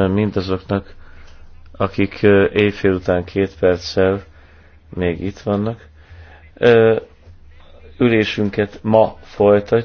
hanem mindazoknak, akik éjfél után két perccel még itt vannak. Ülésünket ma folytatjuk.